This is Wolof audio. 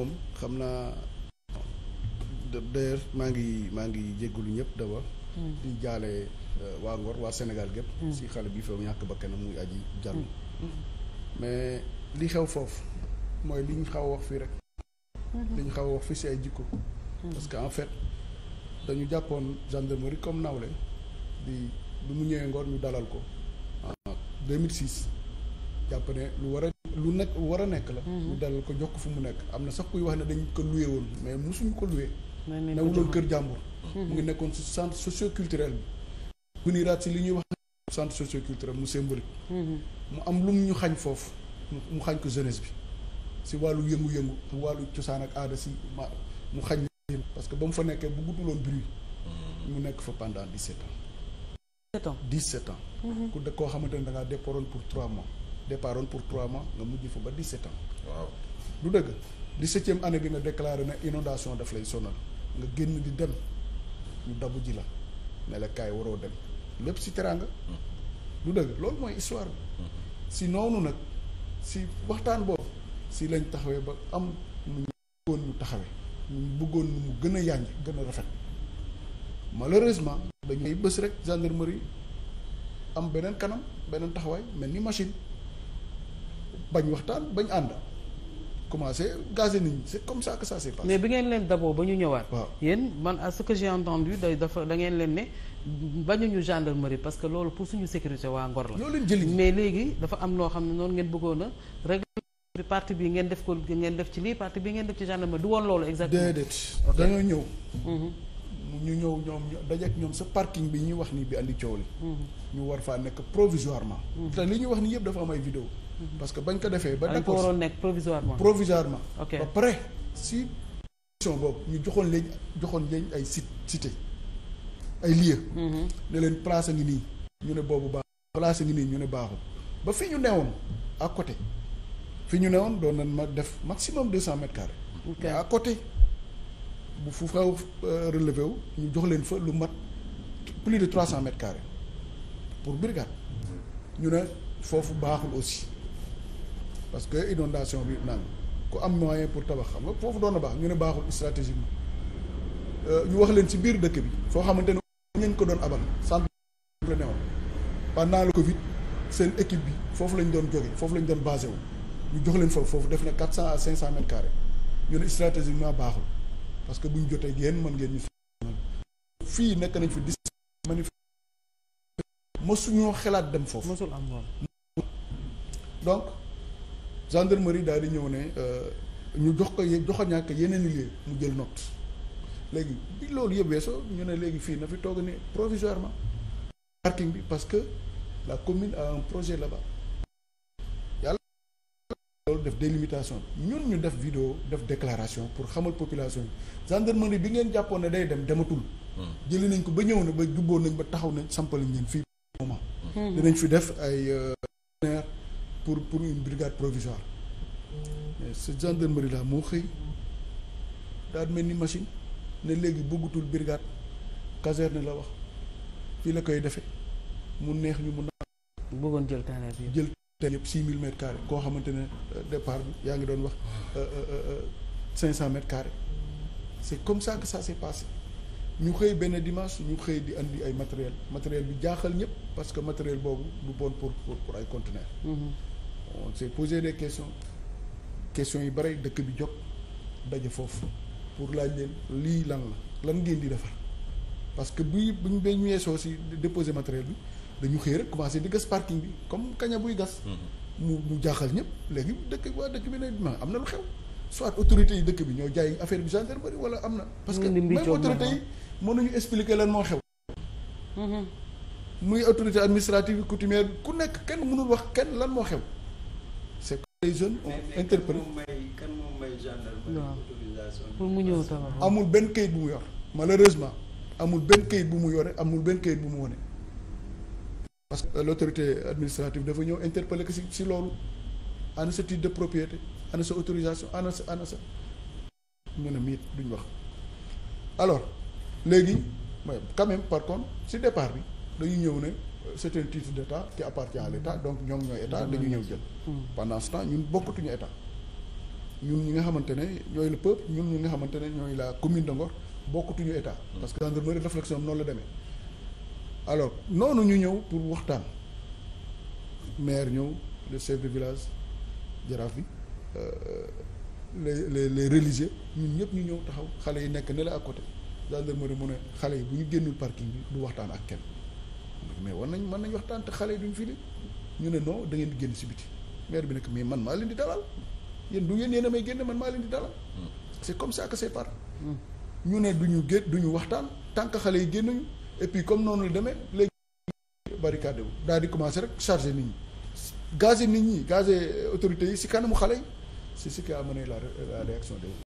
moom xam naa d'ailleurs maa ngi maa ngi jégalu ñëpp dawa hmm. di jaale euh, waa Ngor waa Sénégal gépp hmm. si xale bi fa ñàkk bakkanam muy aji jàll hmm. mais li xew foofu mooy li ñu xaw a wax fii rek li ñu xaw wax fii si ay jikko parce que en fait dañu jàppoon gendarmerie comme nawle di lu mu ñëwee Ngor ñu dalal ko en 2006 jàpp ne lu war a lu nekk war a nekk la mhm. ñu dalal ko jox ko fu mu nekk am na sax kuy wax ne dañ ko loué woon mais mu mosuñu ko loué newuloon kër jàmbur mhm. mu ngi nekkoon si centre socioculturel bi bu ñuy li ñuy wax centre socioculturel mu symbolique mhm. mu am lu ñu xañ foofu mu xañ ko jeunesse bi si wàllu yëngu-yëngu wàllu cosaan ak aada si ma mu xañ parce que ba mu fa nekkee bu gudduloon bruit mu nekk fa pendant dix-sept ans dix-sept ans dix-sept koo xamante ne da ngaa déporoon pour trois mois départoon pour trois mois nga mujj fa ba 17 ans. waaw du dëgg 17e année bi nga déclaré na inondation daf lay la nga génn di dem ñu dabu ji la ne la kaay waroo dem lépp si teraanga. Hmm. du dëgg loolu mooy histoire bi. Hmm. si noonu nag si waxtaan boobu si lañ taxawee ba am nu bëggoon ñu taxawee ñu bëggoon nu mu gën a yànj gën a rafet malheureusement dañuy bës rek gendarmerie am beneen kanam beneen taxawaay mel ni machine. bañ waxtaan bañ ànd commencé gazé nit ñi c'est comme ça que bi ngeen leen daboo ba ñu ñëwaat. waaw yéen man à ce que j'ai entendu day ngeen leen ne bañuñu gendarmerie parce que loolu pour suñu sécurité waa Ngor la. ñoo leen jëli léegi dafa am noo xam ne ngeen bëggoon a régler parti bi ngeen def ko ngeen def ci lii parti bi ngeen def ci gendarmerie du woon loolu exactement. déedéet dañoo mhm. ñu ñëw ñoom dajeek ñoom sa parking bi ñuy wax nii bi andi coow li mhm. ñu war faa nekk provisoirement. Mhm. te li ñuy wax nii yëpp dafa am ay vidéo parce que bañ ko defee. ba nekkoon ah, waroon nekk provisoirement. provisoirement. ok ba pare si. boobu ñu joxoon leen joxoon leen ay site cité ay lieux. Mhm. ne leen a ngi nii ñu ne boobu baax place ngi nii ñu ne baaxul ba fi ñu woon à côté fi ñu ne woon doon nañ ma def maximum deux cent mètres carrés. mais à côté bu fu xaw euh, relevé wu ñu jox leen fa lu mat plus de trois cent mètres carrés pour brigade ñu ne foofu baaxul aussi parce que inondation bi naan ku am moyen pour tabax xam nga foofu doon na baax ñu ne baaxul stratégiquement euh, ñu wax leen ci biir dëkk bi foo xamante ne ñañ ko doon abal centre la newoon pendant le Covid seen équipe bi foofu lañ doon jóge foofu lañ doon basé wu ñu jox leen foofu foofu def na quatre cent à cinq cent mètres carrés ñu ne stratégiquement baaxul parce que bu ñu jotee yéen mën ngeen ñu fii nekk nañ fi dix manif mosuñoo xelaat dem foofu mosul am donc gendarmerie daal di ñëw ne euh, ñu jox ko jox ñàkk yeneen yi mu jël note léegi bi loolu yëpp weesoo ñu ne léegi fii na fi toog ne provisoirement parking bi parce que la commune a un projet la bas yàlla loolu def délimitation ñun ñu def video def déclaration pour xamal population yi gendarmerie bi ngeen jàppoon ne day dem dematul hmm. jëli nañ ko ba ñëw na ba jubboo nañ ba taxaw nañ sampal ngeen fii moment hmm. dinañ fi def ay euh, pour pour une brigade provisoire mais ce gendarmerie là moo xëy daal mel ni machine ne léegi bëggatul brigade caserne la wax fii la koy defee mu neex ñu mu naan. bëggoon jël yi yëpp jël tànneef yëpp six mille mètres carrés koo xamante ne euh, départ bi yaa ngi doon wax euh, euh, cinq cent mètres carrés c'est comme ça que ça s'est passé. ñu xëy benn dimanche ñu xëy di indi ay matériel matériel bi jaaxal ñëpp parce que matériel boobu du bon pour pour ay conteneurs. Mhm. on s'est posé des question questions yu bëri dëkk bi jóg daje foofu pour laaj leen lii lan la lan ngeen di defar parce que buy buñ ba ñu weesoo si déposer matériel bi dañu xëy rek commencé di gas parking bi comme kaña buy gas. Mhm. mu mu jaaxal ñëpp léegi dëkk waa dëkk bi ne am na lu xew soit autorités yi dëkk bi ñoo jaay affaire bi gendarmerie wala am na. parce que même autorités yi mënuñu expliquer moo xew. Mhm. muy autorité administrative coutumière ku nekk kenn mënul wax kenn lan moo xew. les jeunes on interpelle. pour mu ñëw taxaw. amul benn kayit bu mu yor malheureusement amul benn kayit bu mu yore amul benn kayit bu mu wone parce que euh, l'autorité administrative dafa ñëw interpeller que si si loolu ana sa titre de propriété ana sa autorisation ana sa ana sa mu ne miit duñ wax alors léegi quand même par contre si départ bi dañu ñëw ne. c'est un titre d'État qui appartient à l'État donc ñoom ñooy état dañu ñëw jël hmm. pendant ce temps ñun bokkatuñu état ñun ñi nga xamante ne ñooy le peuple ñun ñi nga xamante ne ñooy la commune de Ngor bokkatuñu état parce que gendarmerie réflexion am noonu la demee alors noonu ñu ñëw pour waxtaan maire ñëw le chef de village jaraaf bi euh, les les les religieux ñun ñëpp ñu ñëw taxaw xale yi nekk ne la à côté gendarmerie mu ne xale yi bu ñu génnul parking bi du waxtaan ak kenn mais war nañ mën nañ waxtaan te xale yi duñ fi di ñu ne non da ngeen génn si biti maire bi nag mais man maa leen di dalal yéen du ngeen yéen a may génn man maa leen di dalal. Hmm. c'est comme ça que c'est par hmm. ñu ne duñu gé duñu waxtaan tant que xale yi génn génnuñu et puis comme noonu la demee léegi barricade wu daal di commencer rek charger nit ñi gazer nit ñi gazer autorités yi si kanamu xale yi c'est ce qui a mené la réaction de